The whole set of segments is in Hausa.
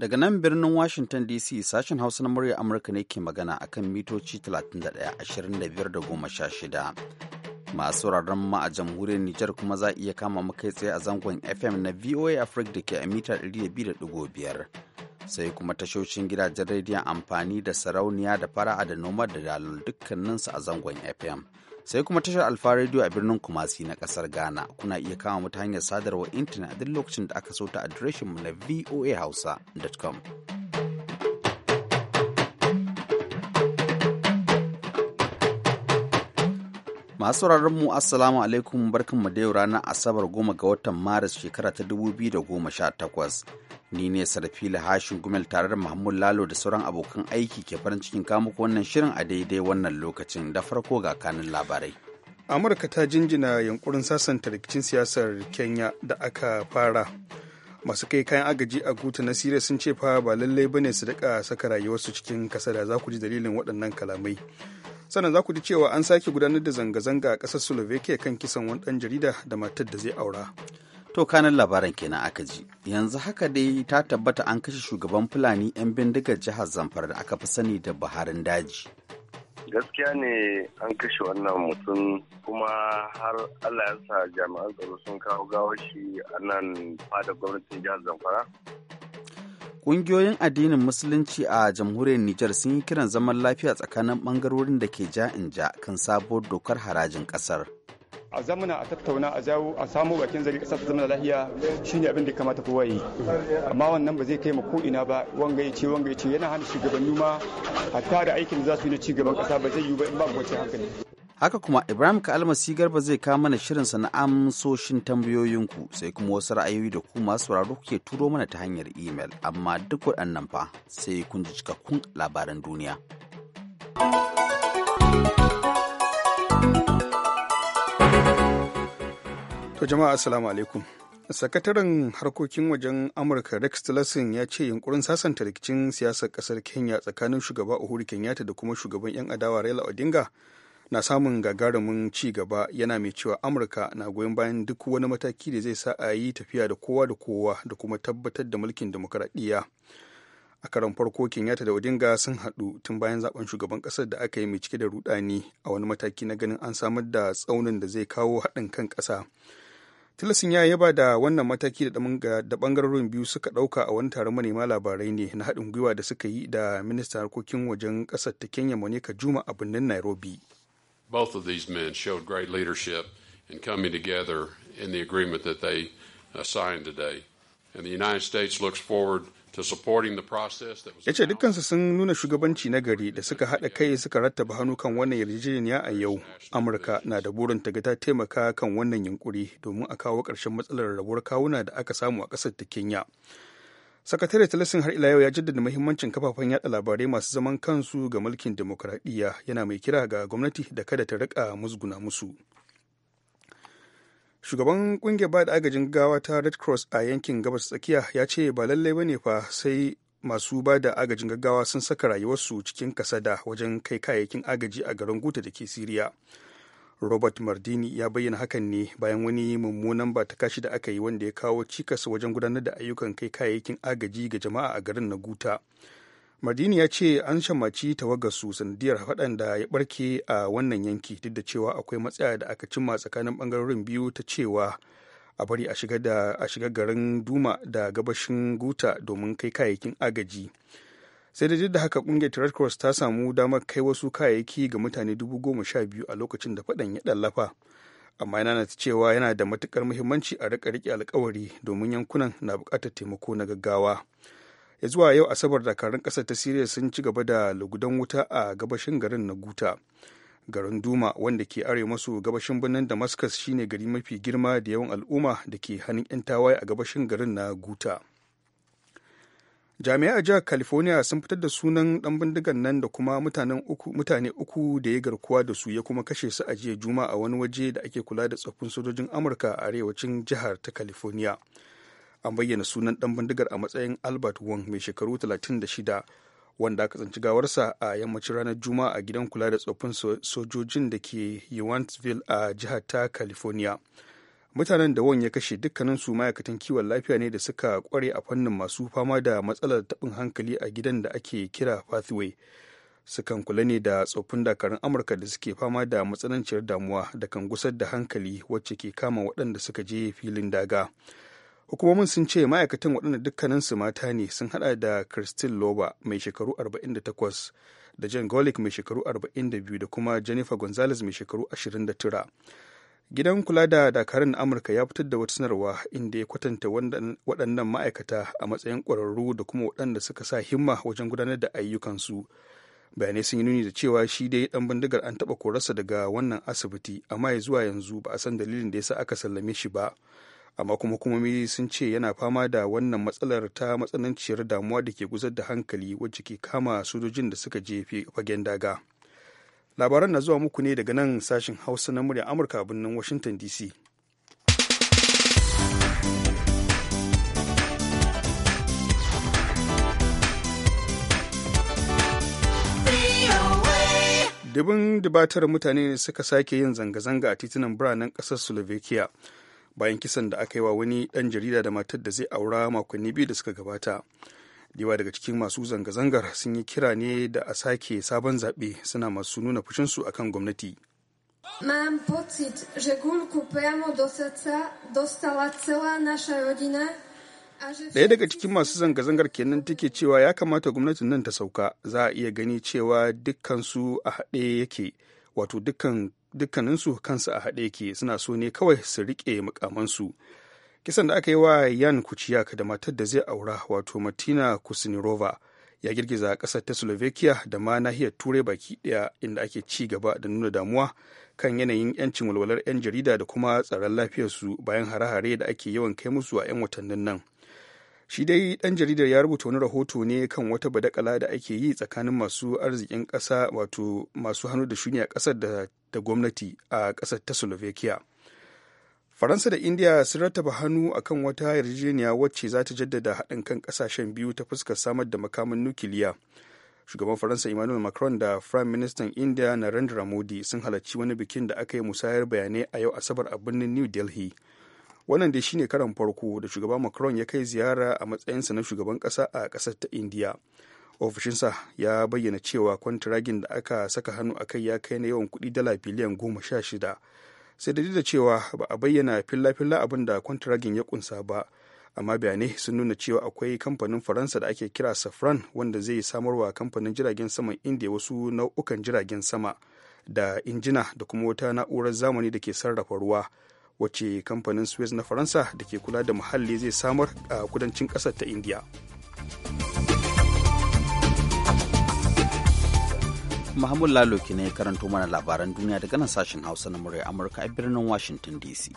Daga nan birnin Washington DC sashen Hausa na murya Amurka ne ke magana a kan mitoci 31-25-16. Masu wuraren ma a jamhuriyar Nijar kuma za iya kama makai tsaye a zangon FM na VOA Africa da ke a mita 200.5. Sai kuma tashoshin gidajen rediyon amfani da sarauniya da fara'a da noma da dalil dukkaninsu a zangon FM. sai kuma tashar alfa radio a birnin kumasi na kasar ghana kuna iya kama mu ta hanyar sadarwar intanet a duk lokacin da aka so ta adireshin mu na voahausa.com masu mu assalamu alaikum barkan mu da yau ranar asabar goma ga watan maris shekara ta dubu biyu da goma sha takwas. ni ne sarfila hashin gumel tare da mahmud lalo da sauran abokan aiki ke farin cikin ko wannan shirin a daidai wannan lokacin da farko ga kanin labarai amurka ta jinjina yankurin sasanta rikicin siyasar kenya da aka fara masu kai kayan agaji a guta na siriya sun ce fa ba lallai ba ne su daka saka rayuwarsu cikin kasada za ku ji dalilin waɗannan kalamai sannan za ku ji cewa an sake gudanar da zanga-zanga a ƙasar slovakia kan kisan wani ɗan jarida da matar da zai aura To kanan labaran kenan aka ji. Yanzu haka dai ta tabbata an kashe shugaban Fulani 'yan bindigar jihar Zamfara da aka fi sani da Buharin daji. Gaskiya ne an kashe wannan mutum kuma har Allah ya sa jami'an tsaro sun kawo gawar shi a nan fada gwamnatin jihar Zamfara. Ƙungiyoyin addinin Musulunci a jamhuriyar Nijar sun yi kiran zaman lafiya tsakanin ɓangarorin da ke ja in ja kan sabuwar dokar harajin ƙasar. a zamana a tattauna a jawo a samo bakin zari kasa ta zama lahiya shine abin da kamata kowa yi amma wannan ba zai kai mu ko ina ba wanga ya ce wanga ya ce yana hana shugabanni ma hatta da aikin za su yi na ci gaban ƙasa ba zai yi ba in ba kwace hankali haka kuma ibrahim si garba zai kawo mana shirinsa na amsoshin tambayoyinku sai kuma wasu ra'ayoyi da kuma masu sauraro kuke turo mana ta hanyar imel amma duk waɗannan fa sai kun ji cikakkun labaran duniya. To jama'a assalamu alaikum. Sakataren harkokin wajen Amurka Rex Tillerson ya ce yunkurin sasanta rikicin siyasar kasar Kenya tsakanin shugaba Uhuru Kenyatta da kuma shugaban 'yan adawa Raila Odinga na samun gagarumin ci gaba yana mai cewa Amurka na goyon bayan duk wani mataki da zai sa a yi tafiya da kowa da kowa da kuma tabbatar da mulkin demokaradiyya. a karan farko kenyatta da odinga sun haɗu tun bayan zaben shugaban ƙasar da aka yi mai cike da rudani a wani mataki na ganin an samar da tsaunin da zai kawo haɗin kan ƙasa tilasin ya yaba da wannan mataki da bangarorin biyu suka dauka a wani taron manema labarai ne na haɗin gwiwa da suka yi da ministan harkokin wajen ƙasar ta kenya monica juma a birnin nairobi both of these men showed great leadership in coming together in the agreement that they uh, signed today and the united states looks forward yace dukkansu sun nuna shugabanci na gari da suka haɗa kai suka rattaba hannu kan wannan yarjejeniya a yau amurka na da burin ta ga ta taimaka kan wannan yunkuri domin a kawo karshen matsalar rabuwar kawuna da aka samu a ƙasar ta kenya sakatare talasin har ila yau ya jaddada muhimmancin kafafen yada labarai masu zaman kansu ga mulkin demokuraɗiyya yana mai kira ga gwamnati da kada ta rika musguna musu shugaban kungiyar ba agajin gawa ta red cross a yankin gabas tsakiya ya ce ba lallai ba ne fa sai masu ba da agajin gaggawa sun saka rayuwarsu cikin kasada wajen kai kayayyakin agaji a garin guta da ke siriya robert mardini ya bayyana hakan ne bayan wani mummunan ba ta kashi da aka yi wanda ya kawo cikas wajen gudanar da ayyukan kai kayayyakin agaji ga jama'a a garin na guta Mardini ya ce an shammaci su sanadiyar faɗan da ya barke a wannan yanki duk da cewa akwai matsaya da aka cimma tsakanin bangarorin biyu ta cewa a bari a shiga garin Duma da gabashin Guta domin kai kayayyakin agaji. Sai da duk da haka kungiyar Red Cross ta samu damar kai wasu kayayyaki ga mutane dubu goma sha biyu a lokacin da faɗan ya ɗallafa. Amma yana nata cewa yana da matukar muhimmanci a riƙa riƙe alkawari domin yankunan na buƙatar taimako na gaggawa. ya zuwa yau asabar dakarun ƙasar ta siriya sun ci gaba da lugudan wuta a gabashin garin na guta garin duma wanda ke are maso gabashin birnin damascus shine gari mafi girma da yawan al'umma da ke hannun 'yan tawaye a gabashin garin na guta jami'a a jihar california sun fitar da sunan dan bindigan nan da kuma mutane uku da ya garkuwa da su ya kuma kashe su a jiya juma'a a wani waje da ake kula da tsoffin sojojin amurka a arewacin jihar ta california an bayyana sunan dan bindigar a matsayin albert wong mai shekaru 36 wanda aka tsinci gawarsa a yammacin ranar juma'a a gidan kula da tsoffin sojojin da ke Yawantsville a jihar ta california mutanen da wong ya kashe dukkanin su ma'aikatan kiwon lafiya ne da suka kware a fannin masu fama da matsalar tabin hankali a gidan da ake kira pathway sukan kula ne da tsoffin dakarun amurka da suke fama da matsananciyar damuwa da kan gusar da hankali wacce ke kama waɗanda suka je filin daga hukumomin sun ce ma'aikatan waɗanda dukkaninsu mata ne sun hada da christine loba mai shekaru 48 da jan golic mai shekaru 42 da kuma jennifer gonzalez mai shekaru 29 gidan kula da dakarun amurka ya fitar da wata sanarwa inda ya kwatanta waɗannan ma'aikata a matsayin ƙwararru da kuma waɗanda suka sa himma wajen gudanar da ayyukansu bayanai sun yi nuni da cewa shi dai dan bindigar an taba korarsa daga wannan asibiti amma zuwa yanzu ba a san dalilin da ya sa aka sallame shi ba amma kuma hukumomi sun ce yana fama da wannan matsalar ta matsananciyar damuwa da ke guzar da hankali wacce ke kama sojojin da suka je fagen daga labaran na zuwa muku ne daga nan sashen hausa na murya amurka a birnin washington dc dubin dubatar mutane suka sake yin zanga-zanga a titunan biranen ƙasar slovakia bayan kisan da aka yi wa wani dan jarida da matar da zai aura makonni biyu da suka gabata yawa daga cikin masu zanga-zangar sun yi kira ne da a sake sabon zaɓe suna masu nuna fushinsu akan gwamnati Mam Daya daga cikin masu zanga-zangar kenan take cewa ya kamata gwamnatin nan ta sauka za a iya gani cewa dukkansu a haɗe yake wato dukkan dukkaninsu kansu a haɗe ke suna so ne kawai su riƙe mukamansu kisan da aka yi wa yan kuciyak da matar da zai aura wato martina kusnirova ya girgiza ƙasar ta slovakia da ma nahiyar turai baki ɗaya inda ake ci gaba da nuna damuwa kan yanayin 'yancin walwalar 'yan jarida da kuma tsaron lafiyarsu bayan hare-hare da ake yawan kai musu a 'yan watannin nan shi dai ɗan jaridar ya rubuta wani rahoto ne kan wata badakala da ake yi tsakanin masu arzikin ƙasa wato masu hannu da shuni a ƙasar da da gwamnati a ƙasar ta slovakia faransa da india sun rattaba hannu akan wata yarjejeniya wacce za ta jaddada haɗin kan ƙasashen biyu ta fuskar samar da makamin nukiliya shugaban faransa emmanuel macron da prime minister india narendra modi sun halarci wani bikin da aka yi musayar bayanai a yau asabar a birnin new delhi wannan dai shine karan farko da shugaban macron ya kai ziyara a matsayinsa na shugaban ƙasa a ƙasar ta india ofishinsa ya bayyana cewa kwantiragin da aka saka hannu a kai ya kai na yawan kuɗi dala biliyan goma sha shida sai da da cewa ba a bayyana filla-filla abin da kwantiragin ya kunsa ba amma bayanai sun nuna cewa akwai kamfanin faransa da ake kira safran wanda zai samarwa kamfanin jiragen saman india wasu nau'ukan jiragen sama da injina da kuma wata na'urar zamani da ke sarrafa ruwa wacce kamfanin suez na faransa da ke kula da muhalli zai samar a kudancin ƙasar ta india. Mahmud Lalo ne ya karanto mana labaran duniya daga nan sashen Hausa na murya Amurka a birnin Washington DC.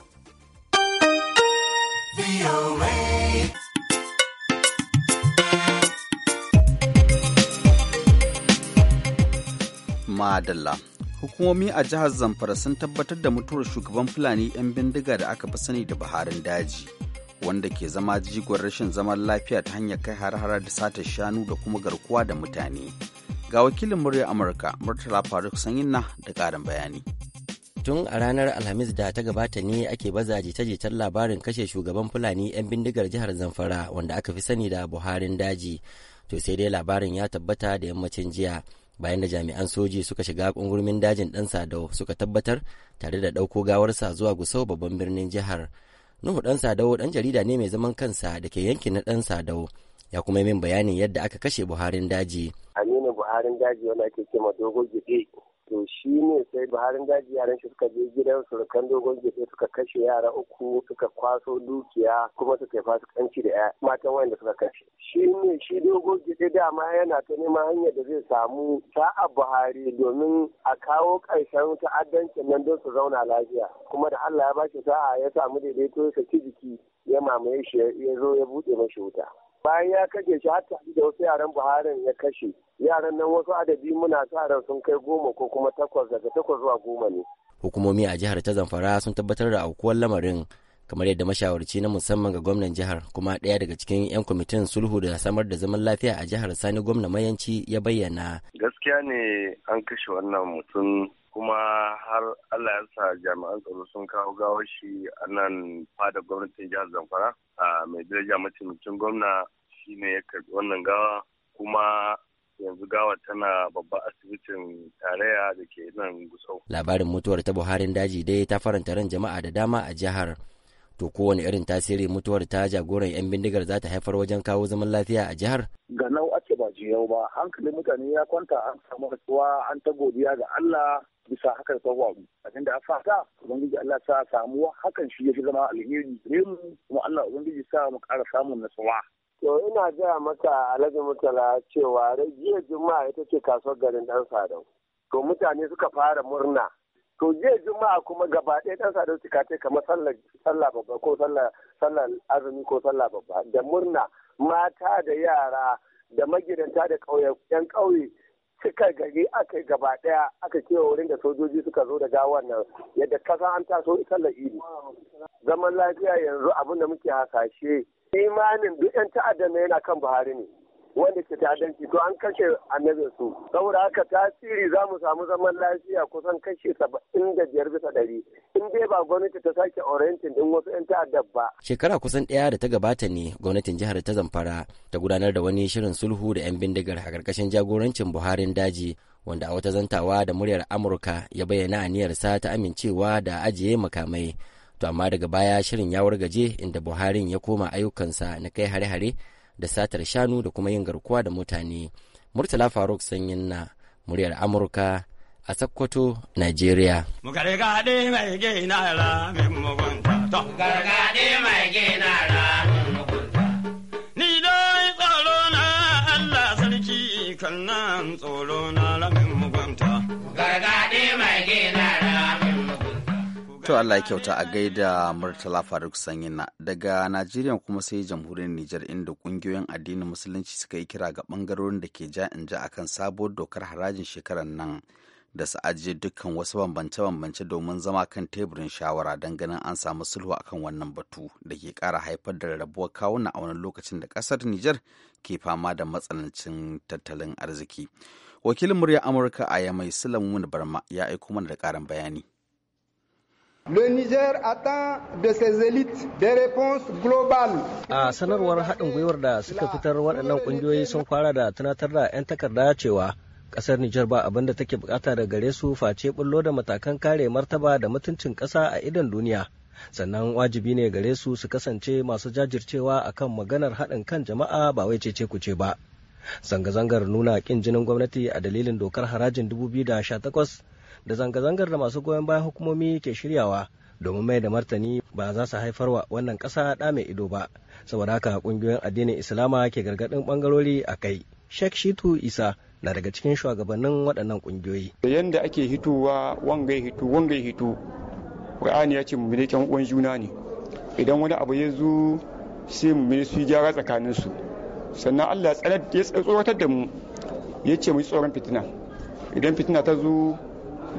Madalla. Hukumomi a jihar Zamfara sun tabbatar da mutuwar shugaban Fulani 'yan bindiga da aka fi sani da Buharin daji, wanda ke zama jigon rashin zaman lafiya ta hanyar kai har-hara da satar shanu da kuma garkuwa da mutane. Ga wakilin murya Amurka Murtala Faruk na da karin bayani. Tun a ranar Alhamis da ta gabata ne ake baza jita-jitar labarin kashe shugaban Fulani 'yan bindigar jihar Zamfara wanda aka fi sani da Buharin daji. To sai dai labarin ya tabbata da yammacin jiya. bayan da jami'an soji suka shiga kungurmin dajin dan sadau suka tabbatar tare da ɗauko gawarsa zuwa gusau babban birnin jihar nuhu dan sadau dan jarida ne mai zaman kansa da ke yankin na dan sadau ya kuma min bayanin yadda aka kashe buharin daji aminu buharin daji wanda ake kema dogon gide to shi ne sai buharin daji yaran shi suka je gidan surukan dogon gide suka kashe yara uku suka kwaso dukiya kuma suka yi fasikanci da matan wanda suka kashe shi ne shi dogon gide dama yana ta neman hanyar da zai samu sa'a buhari domin a kawo karshen ta'addancin nan don su zauna lafiya kuma da allah ya bashi sa'a ya samu daidaito ya saki jiki ya mamaye shi ya zo ya buɗe mashi wuta bayan ya kashe shi har da wasu yaran buharin ya kashe yaran nan wasu adadi muna sa sun kai goma ko kuma takwas daga takwas zuwa goma ne hukumomi a jihar ta zamfara sun tabbatar da aukuwar lamarin kamar yadda mashawarci na musamman ga gwamnan jihar kuma ɗaya daga cikin 'yan kwamitin sulhu da samar da zaman lafiya a jihar sani gwamna mayanci ya bayyana gaskiya ne an kashe wannan mutum kuma har allah ya sa jami'an tsaro sun kawo gawar shi a nan fada gwamnatin jihar zamfara a mai daraja mataimakin gwamna shine ya karbi wannan gawa kuma yanzu gawa tana babban asibitin tarayya da ke nan gusau. Labarin mutuwar ta Buharin daji dai ta faranta ran jama'a da dama a jihar. To kowane irin tasiri mutuwar ta jagoran 'yan bindigar za ta haifar wajen kawo zaman lafiya a jihar? Ga nau ake ba jiyau ba, hankalin mutane ya kwanta an samu rasuwa an ta godiya ga Allah bisa hakan da faru abin da fata ubangiji Allah sa samuwa hakan shi ya fi zama alheri mu kuma Allah ubangiji sa mu kara samun nasuwa To ina gaya maka Alhaji mutala cewa jiya Juma'a ita ce kasuwar garin dan Sadau. To mutane suka fara murna. To jiya Juma'a kuma gaba ɗaya dan Sadau suka ce kamar sallah babba ko sallah azumi ko sallah babba da murna mata da yara da magidanta da ƙauye ƴan ƙauye suka gari aka gaba ɗaya aka kewa wurin da sojoji suka zo da gawar nan yadda kasa an taso sallar idi zaman lafiya yanzu abin da muke hasashe imanin duk 'yan ta'adda na yana kan buhari ne wanda ke ta'addanci to an kashe annabin su saboda haka tasiri za mu samu zaman lafiya kusan kashe saba'in da biyar bisa ɗari in dai ba gwamnati ta sake orientin din wasu 'yan ta'adda ba. shekara kusan ɗaya da ta gabata ne gwamnatin jihar ta zamfara ta gudanar da wani shirin sulhu da 'yan bindigar a ƙarƙashin jagorancin buharin daji wanda a wata zantawa da muryar amurka ya bayyana aniyarsa ta amincewa da ajiye makamai to amma daga baya shirin ya wargaje inda buharin ya koma ayyukansa na kai hare-hare da satar shanu da kuma yin garkuwa da mutane murtala faruk sanyin na muryar amurka a sakkwato nigeria mai gina mai gina To Allah ya kyauta a gaida Murtala Faruk Sanyina daga Najeriya kuma sai jamhuriyar Nijar inda kungiyoyin addinin musulunci suka yi kira ga bangarorin da ke ja in ja akan sabuwar dokar harajin shekarar nan da su ajiye dukkan wasu bambance-bambance domin zama kan teburin shawara don ganin an samu sulhu akan wannan batu da ke kara haifar da rabuwar kawuna a wani lokacin da kasar Nijar ke fama da matsanancin tattalin arziki. Wakilin murya Amurka a Yamai Sulaimun Barma ya aiko mana da karin bayani. Le Niger attend de ses élites des réponses globales. A sanarwar haɗin gwiwar da suka fitar waɗannan ƙungiyoyi sun fara da tunatar da 'yan takarda cewa ƙasar Nijar ba abin da take bukata da gare su face bullo da matakan kare martaba da mutuncin ƙasa a idon duniya. Sannan wajibi ne gare su su kasance masu jajircewa akan maganar haɗin kan jama'a ba wai cece kuce ba. Zanga-zangar nuna ƙin jinin gwamnati a dalilin dokar harajin 2018 da zanga-zangar da masu goyon bayan hukumomi ke shiryawa domin mai da martani ba za su haifar wa wannan ƙasa ɗa mai ido ba saboda haka ƙungiyoyin addinin islama ke gargaɗin ɓangarori a kai sheikh shitu isa na daga cikin shugabannin waɗannan ƙungiyoyi yadda ake hitowa wangai hito wangai hito qur'ani ya ce mu ne kyan uwan juna ne idan wani abu ya zo sai mu ne su gyara tsakanin su sannan Allah ya tsoratar da mu ya ce mu yi tsoron fitina idan fitina ta zo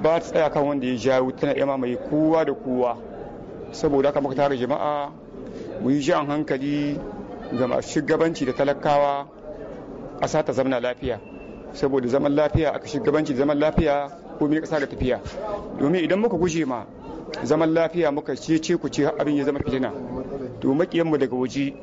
ba ta tsaya kan wanda ya jawo tana iya mai kowa da kowa saboda haka muka tara jama'a mu yi jan hankali ga masu shugabanci da talakawa a sata zamna lafiya saboda zaman lafiya aka shugabanci zaman lafiya ko mai kasa da tafiya domin idan muka guje ma zaman lafiya muka ce ce ku ce abin ya zama fitina to makiyanmu daga waje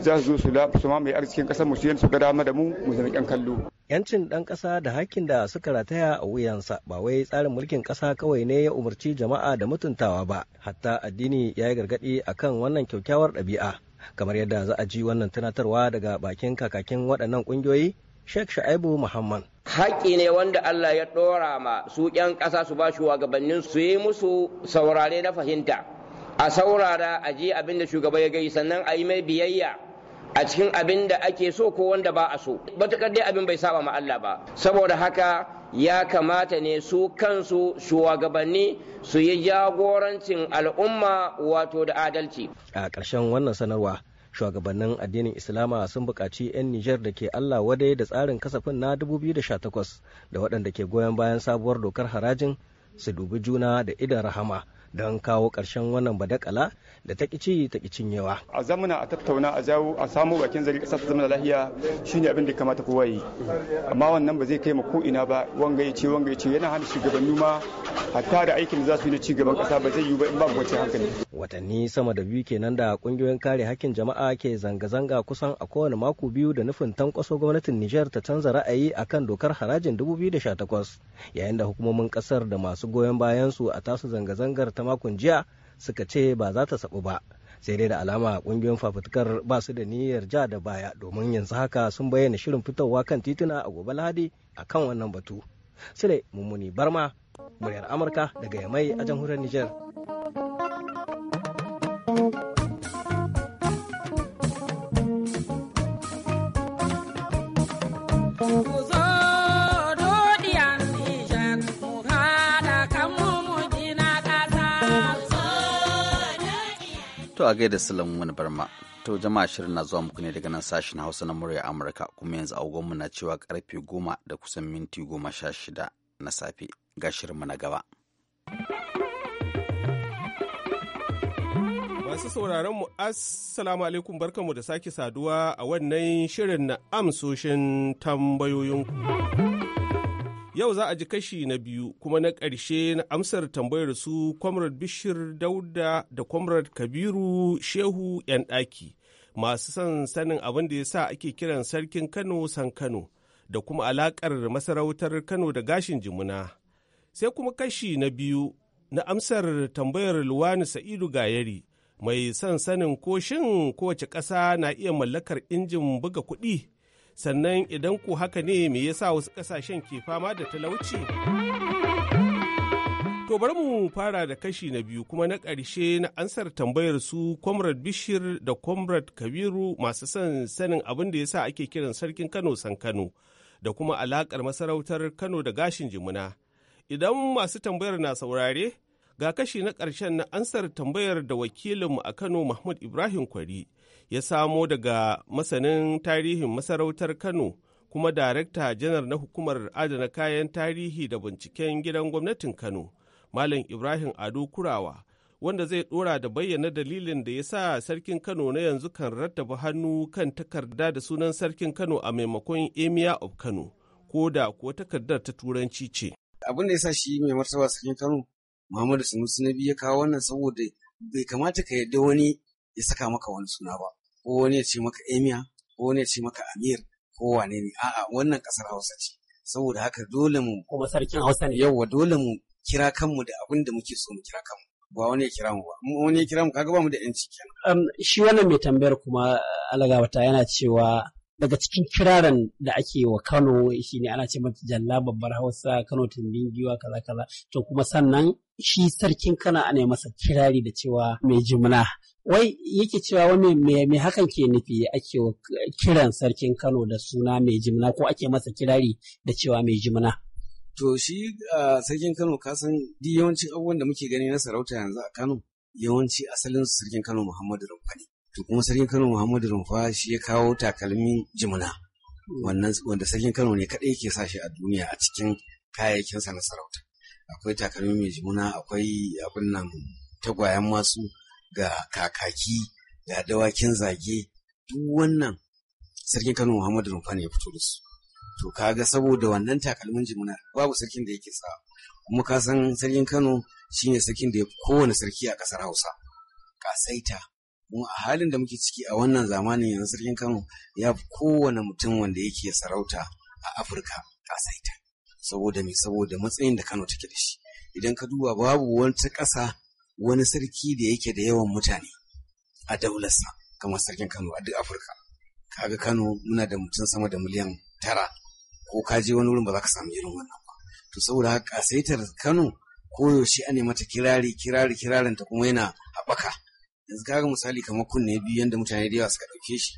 za su zo su su mamaye arzikin kasar mu su ga dama da mu mu zama yan kallo yancin dan kasa da hakkin da suka rataya a wuyansa ba wai tsarin mulkin kasa kawai ne ya umarci jama'a da mutuntawa ba hatta addini ya yi gargadi akan wannan kyakkyawar ɗabi'a kamar yadda za a ji wannan tunatarwa daga bakin kakakin waɗannan ƙungiyoyi Sheikh Sha'ibu Muhammad. Haƙƙi ne wanda Allah ya ɗora ma su ƴan ƙasa su ba shugabannin su yi musu saurare na fahimta. a saurara a je abin da shugaba ya gai sannan a yi mai biyayya a cikin abin da ake so ko wanda ba a so ba dai abin bai saba ma Allah ba saboda haka ya kamata ne su kansu shugabanni su yi jagorancin al'umma wato da adalci a ƙarshen wannan sanarwa shugabannin addinin islama sun buƙaci 'yan nijar da ke allah wadai da tsarin kasafin na 2018 da waɗanda ke goyon bayan sabuwar dokar harajin su dubi juna da idan rahama don kawo ƙarshen wannan badakala da ta kici ta yawa. a zamana a tattauna a jawo a samu bakin zari kasa ta zama lahiya shine abin da kamata kowa yi amma wannan ba zai kai ma ko ina ba wanga ya ce wanga ya ce yana hana shugabanni ma hatta da aikin da za su yi na ci gaban kasa ba zai yi ba in babu wacce hankali watanni sama da biyu kenan da kungiyoyin kare hakkin jama'a ke zanga-zanga kusan a kowane mako biyu da nufin tankwaso gwamnatin Nijar ta canza ra'ayi akan dokar harajin 2018 yayin da hukumomin kasar da masu goyon bayan su a tasu zanga-zangar ta makon jiya suka ce ba za ta sabu ba sai dai da alama kungiyoyin fafutukar ba su da niyyar ja da baya domin yanzu haka sun bayyana shirin fitowa kan tituna a gobe lahadi a kan wannan batu sule mummuni barma muryar amurka daga yamai a jamhuriyar niger To a gaida wani Barma. To jama'a shirin na zuwa muku ne daga nan sashen Hausa na murya Amurka kuma yanzu agogonmu na cewa karfe goma da kusan minti goma sha shida na safe ga shirinmu na gaba. Masu sauraron mu assalamu alaikum barkanmu da sake saduwa a wannan shirin na amsoshin tambayoyinku. Yau za a ji kashi na biyu kuma na ƙarshe na amsar tambayar su Comrade Bishir Dauda da Comrade Kabiru Shehu 'yan ɗaki masu son sanin abin da ya sa ake kiran sarkin Kano san Kano da kuma alaƙar masarautar Kano da gashin jimuna. Sai kuma kashi na biyu na amsar tambayar Luwani Sa'idu Gayari mai son sanin ko shin kowace ƙasa na iya mallakar injin buga kuɗi sannan idan ku haka ne me yasa wasu ƙasashen ke fama da talauci to bari mu fara da kashi na biyu kuma na ƙarshe na ansar tambayar su comrade bishir da comrade kabiru masu son sanin abin da yasa ake kiran sarkin kano san kano da kuma alaƙar masarautar kano da gashin jimuna idan masu tambayar na saurare Ga kashi na ƙarshen na ansar tambayar da wakilinmu a Kano Mahmud Ibrahim Kwari ya samo daga masanin tarihin masarautar Kano kuma darakta janar na hukumar adana kayan tarihi da binciken gidan gwamnatin Kano, Malam Ibrahim Ado Kurawa. wanda zai dora da bayyana dalilin da ya sa sarkin kano na yanzu kan rattaba hannu kan takarda da sunan sarkin kano a maimakon emia of kano ko da kuwa takardar ta turanci ce abin da ya sa shi mai martaba sarkin kano Muhammadu Sanusi na biyu ya kawo wannan saboda bai kamata ka yadda wani ya saka maka wani suna ba ko wani ya ce maka emiya ko wani ya ce maka Amir ko wane ne a'a wannan ƙasar Hausa ce saboda haka dole mu kuma sarkin Hausa ne Yawwa dole mu kira kanmu da abin da muke so mu kira kanmu ba wani ya kira mu ba mu wani ya kira mu kaga ba mu da yanci kenan shi wannan mai tambayar kuma alagawata yana cewa daga cikin kiraren da ake wa Kano shi ne ana ce mata jalla babbar Hausa Kano tumbin giwa kaza kaza to kuma sannan shi sarkin Kano ana masa kirari da cewa mai jimna wai yake cewa wani me hakan ke nufi ake wa kiran sarkin Kano da suna mai jimna ko ake masa kirari da cewa mai jimna to shi sarkin Kano ka san yawancin abubuwan da muke gani na sarauta yanzu a Kano yawanci asalin sarkin Kano Muhammadu Rumfani to kuma sarkin Kano Muhammadu Rumfa shi ya kawo takalmin jimina wannan wanda sarkin Kano ne kaɗai ke sashi a duniya a cikin kayayyakinsa na sarauta akwai takalmin mai jimina akwai abin nan tagwayen masu ga kakaki ga dawakin zage duk wannan sarkin Kano Muhammadu Rumfa ne ya fito da su to kaga saboda wannan takalmin jimina babu sarkin da yake sa kuma ka san sarkin Kano shine sarkin da ya fi kowane sarki a ƙasar Hausa kasaita kuma a halin da muke ciki a wannan zamanin yanzu sarkin kano ya fi kowane mutum wanda yake sarauta a afirka kasaita saboda me saboda matsayin da kano take da shi idan ka duba babu wata ƙasa wani sarki da yake da yawan mutane a daularsa kamar sarkin kano a duk afirka kaga kano muna da mutum sama da miliyan tara ko ka je wani wurin ba za ka samu irin wannan ba to saboda haka kasaitar kano koyaushe an ne mata kirari kirari ta kuma yana haɓaka yanzu kaga misali kamar kunne biyu yanda mutane da yawa suka ɗauke shi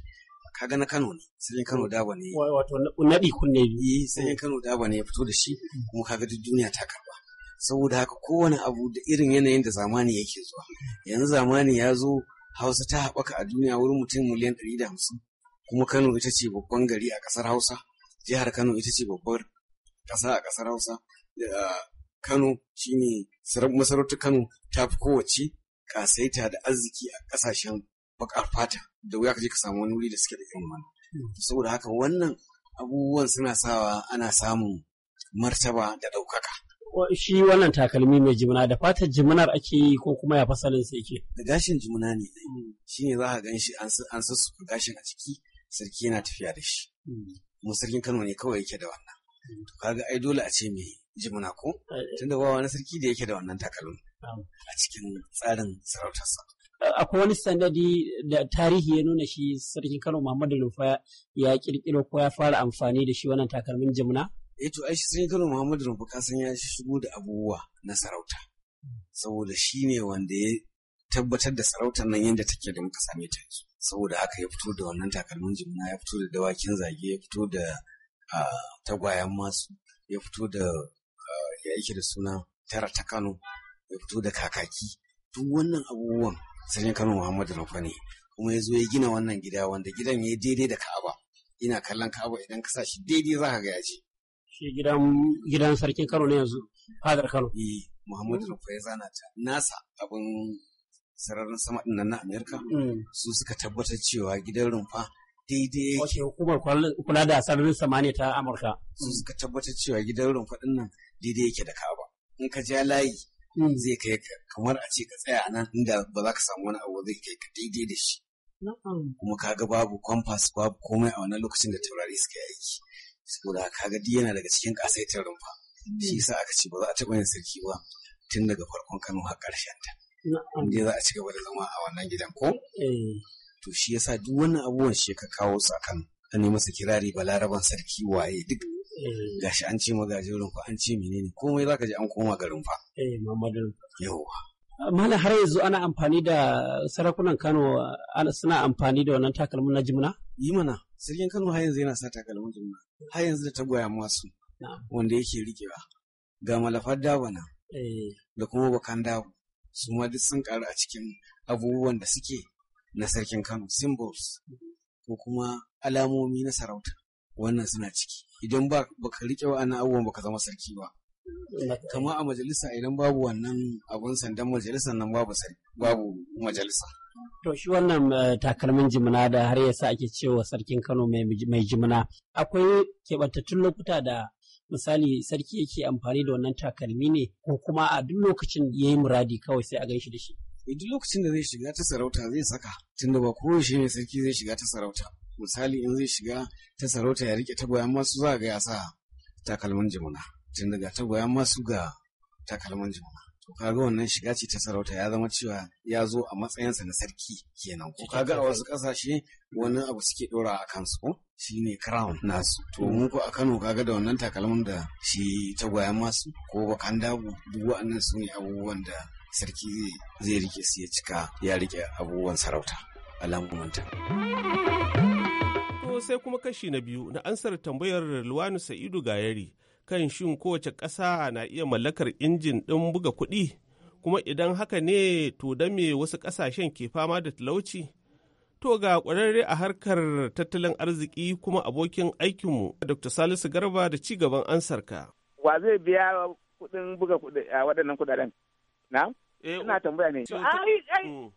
kaga na Kano ne sanyin Kano daba ne wato naɗi kunne biyu eh, sanyin Kano daba ne ya fito da shi kuma kaga duk duniya ta karba saboda haka kowane abu da irin yanayin da zamani yake zuwa yanzu zamani ya zo Hausa ta haɓaka a duniya wurin mutum miliyan ɗari da hamsin kuma Kano ita ce babban gari a ƙasar Hausa jihar Kano ita ce babbar ƙasa a ƙasar Hausa Kano shine masarautar Kano ta fi kowace kasaita da arziki a kasashen bakar fata da wuya kaje ka samu wani wuri da suke da irin wani hmm. saboda haka wannan abubuwan suna sawa ana samun martaba da ɗaukaka shi wannan takalmi mai jimina da fatar jiminar ake yi ko kuma ya fasalin sai ke da gashin jimina ne hmm. shi ne za a gan shi an su gashin a ciki sarki yana tafiya da shi mu hmm. sarkin kano ne kawai yake da wannan to kaga ai dole a ce mai jimina ko eh, eh. tunda ba wani sarki da yake da wannan takalmi a cikin tsarin sarautarsa. Akwai wani sanadi da tarihi ya nuna shi sarkin Kano Muhammadu Rufa ya kirkiro ko ya fara amfani da shi wannan takalmin jimna? Eh to ai shi sarkin Kano Muhammadu Rufa kasan ya shigo da abubuwa na sarauta. Saboda shi ne wanda ya tabbatar da sarautar nan yadda take da muka same ta yanzu. Saboda haka ya fito da wannan takalmin jimna ya fito da dawakin zage ya fito da tagwayen masu ya fito da ya yake da suna tara ta Kano ya fito da kakaki duk wannan abubuwan sanin kano muhammadu rafa ne kuma ya zo ya gina wannan gida wanda gidan ya daidai da ka'aba ina kallon ka'aba idan ka sa shi daidai za ka gaya ce. shi gidan gidan sarkin kano ne yanzu fadar kano eh muhammadu rafa ya zana ta nasa abin sararin sama din nan na amerika mm. su suka tabbatar cewa gidan rumfa daidai yake hukumar kula da sararin sama ne ta amurka su suka tabbatar cewa gidan rumfa din nan daidai yake da ka'aba in ka ja layi zai kai ka kamar a ce ka tsaya a nan inda ba za ka samu wani abu zai kai ka daidai da shi kuma ka ga babu kwamfas babu komai a wannan lokacin da taurari suka yi aiki saboda kaga duk yana daga cikin kasaitar rumfa hmm. shi sa aka ce ba za a taɓa yin sarki ba tun daga farkon Kano har ƙarshen ta inda za a ci gaba da zama a wannan gidan ko eh. to shi yasa duk wannan abubuwan shi ka kawo tsakan an yi masa kirari balaraban sarki waye duk Eh. gashi an ce magajin rumfa an ce menene komai zaka ji an koma garin fa. eh mamadin yawa Malam har yanzu ana amfani da sarakunan Kano suna amfani da wannan takalmin na jimna? Yi mana, sarkin Kano har yanzu yana sa takalmin jimna, har yanzu da tagwaya masu wanda yake rikewa. Ga malafar dabana eh. da kuma bakan dabu, su ma duk sun karu a cikin abubuwan da suke na sarkin Kano, symbols ko kuma alamomi na sarauta. wannan suna ciki idan ba baka rike wa'annan abubuwan baka zama sarki ba kama a majalisa idan babu wannan abun sandan majalisa nan babu babu majalisa to shi wannan eh, takalmin jimina da har yasa ake cewa sarkin Kano mai jimina akwai keɓantattun lokuta da misali sarki yake amfani da wannan takalmi ne ko kuma a duk lokacin ya yi muradi kawai sai a gan shi da shi. Eh, duk lokacin da zai shiga ta sarauta zai saka tunda ba koyaushe ne sarki zai shiga ta sarauta misali in zai shiga ta sarauta ya rike tagoya masu za ga yasa sa takalman jimuna tun daga tagoya masu ga takalman jimuna to kaga wannan shiga ce ta sarauta ya zama cewa ya zo a matsayinsa na sarki kenan ko kaga a wasu kasashe wani abu suke dora a kansu ko shine crown nasu to mun ko a Kano kaga da wannan takalmin da shi tagoya masu ko bakan dagu duk wa'annan su ne abubuwan da sarki zai rike su ya cika ya rike abubuwan sarauta alamun manta. ko sai kuma kashi na biyu na ansar tambayar Luwanu Sa'idu Gayari kan shin kowace ƙasa na iya mallakar injin ɗin buga kuɗi kuma idan haka ne to da me wasu ƙasashen ke fama da talauci? To ga ƙwararre a harkar tattalin arziki kuma abokin aikinmu Dr. Salisu Garba da ci gaban ansarka. Wa zai biya kuɗin buga waɗannan kuɗaɗen? Na? Eh, Ina tambaya ne. ai, ai, mm.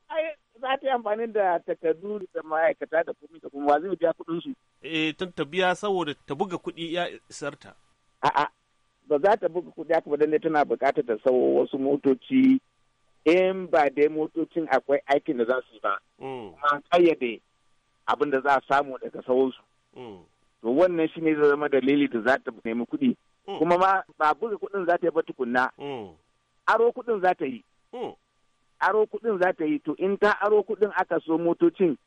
za ta yi amfani da takardu da ma'aikata da kuma da kuma zai biya kuɗin su. Eh tun ta biya saboda ta buga kuɗi ya isarta. A'a ba za ta buga kuɗi haka ba lallai tana buƙatar ta sau wasu motoci in ba dai motocin akwai aikin da za su yi ba. Mm. Kuma an ƙayyade abin da za a samu daga sauransu. Mm. To wannan shi ne zai zama dalili da za ta nemi kuɗi. Mm. Kuma ma ba buga kuɗin za ta yi ba tukunna. Aro kuɗin za ta yi. aro kuɗin za ta yi to in ta aro kuɗin aka so motocin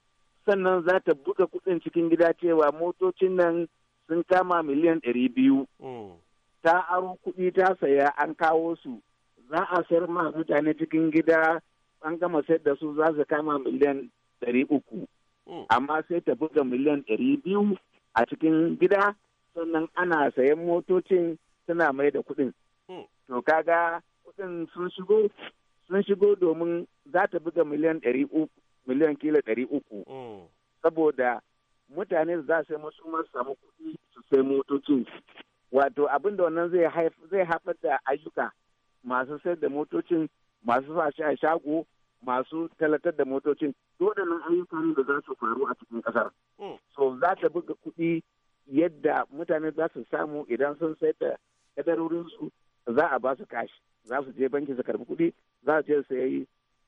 sannan za ta buga kuɗin cikin gida cewa motocin nan sun kama miliyan ɗari biyu. Mm. Ta aro kuɗi ta saya an kawo su za a sayar ma mutane cikin gida an gama sayar da su za su kama miliyan ɗari uku. Mm. Amma sai ta buga miliyan ɗari biyu a cikin gida sannan ana sayan motocin suna mai da kuɗin. Mm. To kaga kuɗin sun shigo sun shigo domin za ta buga miliyan ɗari uku miliyan kila ɗari uku mm. saboda mutane za su masu masu samu kuɗi su sai motocin wato abin da wannan zai haifar da ayyuka masu sayar da motocin masu sa a shago masu talatar da motocin Dole waɗannan ayyuka ne da za su faru a cikin ƙasar mm. so za ta buga kuɗi yadda mutane za su samu idan sun sai da kadarorinsu za a ba su kashi za su je banki su karbi kuɗi za a je sayi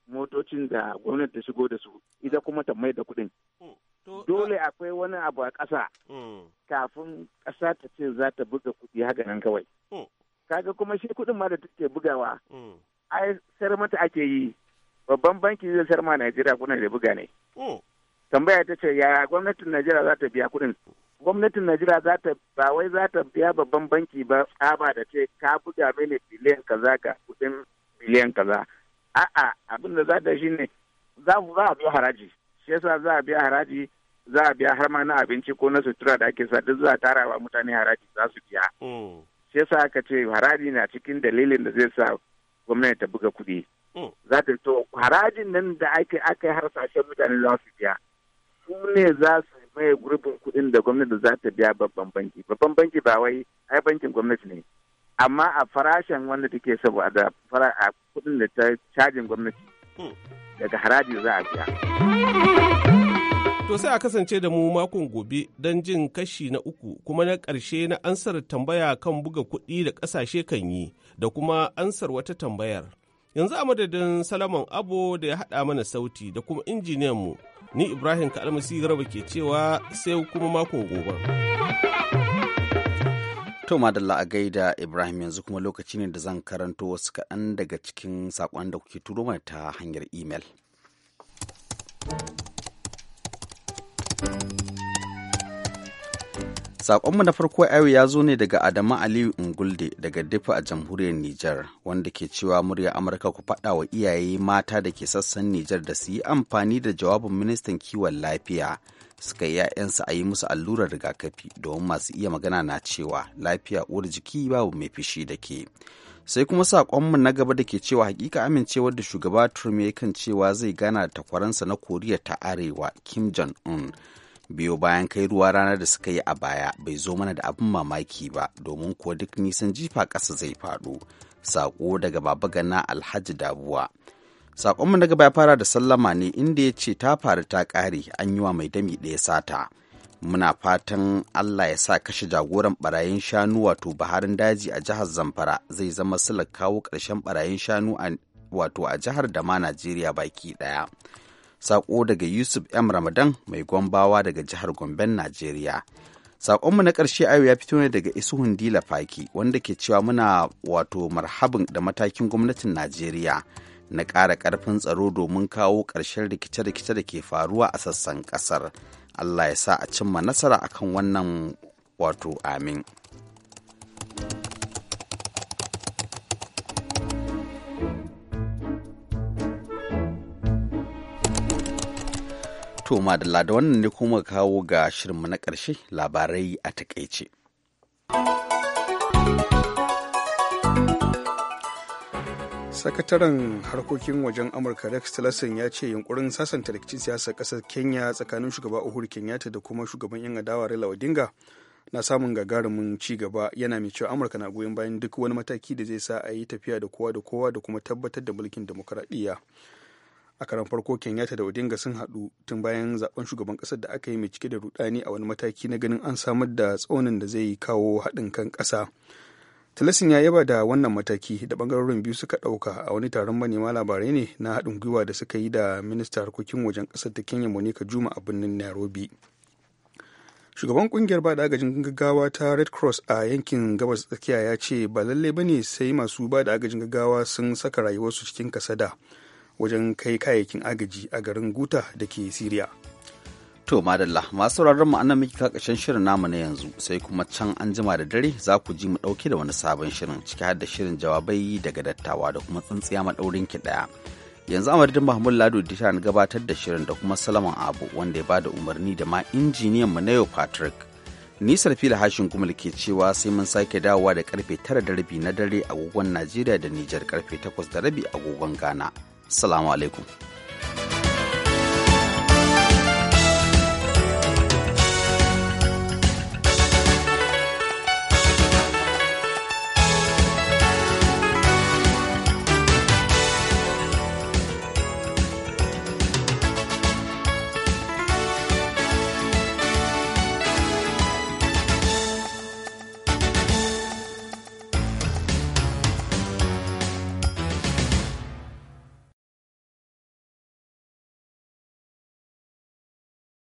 motocin da gwamnati ta shigo da su ita kuma ta mai da kuɗin hmm. uh, dole akwai wani abu a ƙasa hmm. kafin ƙasa ta ce za ta buga kuɗi haka nan kawai hmm. kaga kuma shi kuɗin ma da take bugawa ai sayar mata ake yi babban banki zai sayar ma Najeriya kuna da buga ne tambaya ta ce yaya gwamnatin Najeriya za ta biya kuɗin gwamnatin Najeriya za ta ba wai za ta biya babban banki ba tsaba da ce ka buga mini biliyan kaza ka kuɗin miliyan kaza a'a abin da za ta shi ne za a biya haraji shi yasa za a biya haraji za a biya har ma na abinci ko na sutura da ake sa duk za a tara wa mutane haraji za su biya mm. shi yasa aka ce haraji na cikin dalilin da zai sa gwamnati ta buga kuɗi mm. za ta to harajin nan da ake aka yi harsashen mutane za su biya su ne za su mai gurbin kuɗin da gwamnati za ta biya babban banki babban banki ba wai ai bankin gwamnati ne amma a farashin wanda take saboda a kudin da ta cajin gwamnati hmm. daga haraji za a biya. To sai a kasance da mu makon gobe don jin kashi na uku kuma na ƙarshe na ansar tambaya kan buga kuɗi da ƙasashe kan yi da kuma ansar wata tambayar. Yanzu a madadin Salaman Abo da ya haɗa mana sauti da kuma injiniyanmu, ni Ibrahim Kalmasi Garba ke cewa sai kuma makon gobe. To madalla a gaida Ibrahim yanzu kuma lokaci ne da zan karanto wasu kaɗan daga cikin saƙon da kuke turo mai ta hanyar imel. Saƙonmu na farko yau ya zo ne daga Adamu Aliyu Ingulde daga Difa a jamhuriyar Nijar wanda ke cewa murya Amurka ku faɗa wa iyaye mata da ke sassan Nijar da su yi amfani da jawabin ministan kiwon lafiya suka yi 'ya'yansu a yi musu allurar rigakafi domin masu iya magana na cewa lafiya uwar jiki babu mai fishi da ke sai kuma saƙonmu na gaba da ke cewa hakika amincewar da shugaba trump ya kan cewa zai gana da takwaransa na koriya ta arewa kim jong un biyo bayan kai ruwa ranar da suka yi a baya bai zo mana da abin mamaki ba domin kuwa duk nisan jifa ƙasa zai faɗo saƙo daga baba gana alhaji dabuwa Sakonmu na gaba ya fara da sallama ne inda ya ce ta faru ta ƙare an yi wa mai dami ɗaya sata. Muna fatan Allah ya sa kashe jagoran barayin shanu wato baharin daji a jihar Zamfara zai zama silar kawo ƙarshen barayin shanu wato a jihar dama Najeriya baki ɗaya. saƙo daga Yusuf M. Ramadan mai gwambawa daga jihar Gomben, Najeriya. Sakonmu na ƙarshe ayo ya fito ne daga Isuhun Dila Faki wanda ke cewa muna wato marhabin da matakin gwamnatin Najeriya. na ƙara ƙarfin tsaro domin kawo ƙarshen rikice-rikice da ke faruwa a sassan ƙasar allah ya sa a cimma nasara akan wannan wato amin to madalla da wannan ne kuma kawo ga shirinmu na ƙarshe labarai a takaice. sakataren harkokin wajen amurka rex tillerson ya ce yunkurin sasanta rikicin siyasar kasar kenya tsakanin shugaba uhuru kenyatta da kuma shugaban yan adawa raila odinga na samun gagarumin ci gaba yana mai cewa amurka na goyon bayan duk wani mataki da zai sa a yi tafiya da kowa da kowa da kuma tabbatar da mulkin demokuraɗiyya a karan farko kenyatta da odinga sun haɗu tun bayan zaben shugaban ƙasar da aka yi mai cike da rudani a wani mataki na ganin an samar da tsaunin da zai kawo haɗin kan ƙasa tilasin ya yaba da wannan mataki da bangarorin biyu suka dauka a wani taron manema labarai ne na haɗin gwiwa da suka yi da minista harkokin wajen ƙasar ta kenya monica juma a birnin nairobi shugaban kungiyar ba da agajin gaggawa ta red cross a yankin gabas tsakiya ya ce ba lalle ba ne sai masu ba da agajin gaggawa sun saka rayuwarsu cikin kasada wajen kai kayayyakin agaji a garin guta da ke siriya To madalla masu sauraron mu annan miki kakashin shirin namu na yanzu sai kuma can an jima da dare za ku ji mu dauke da wani sabon shirin ciki har da shirin jawabai daga dattawa da kuma tsintsiya madaurin ki daya. Yanzu a madadin Mahmud Lado da gabatar da shirin da kuma Salaman Abu wanda ya bada umarni da ma injiniyan mu na yau Patrick. Ni Sarfila Hashin kuma ke cewa sai mun sake dawowa da karfe tara da rabi na dare a agogon Najeriya da Nijar karfe takwas da rabi agogon Ghana. Assalamu alaikum.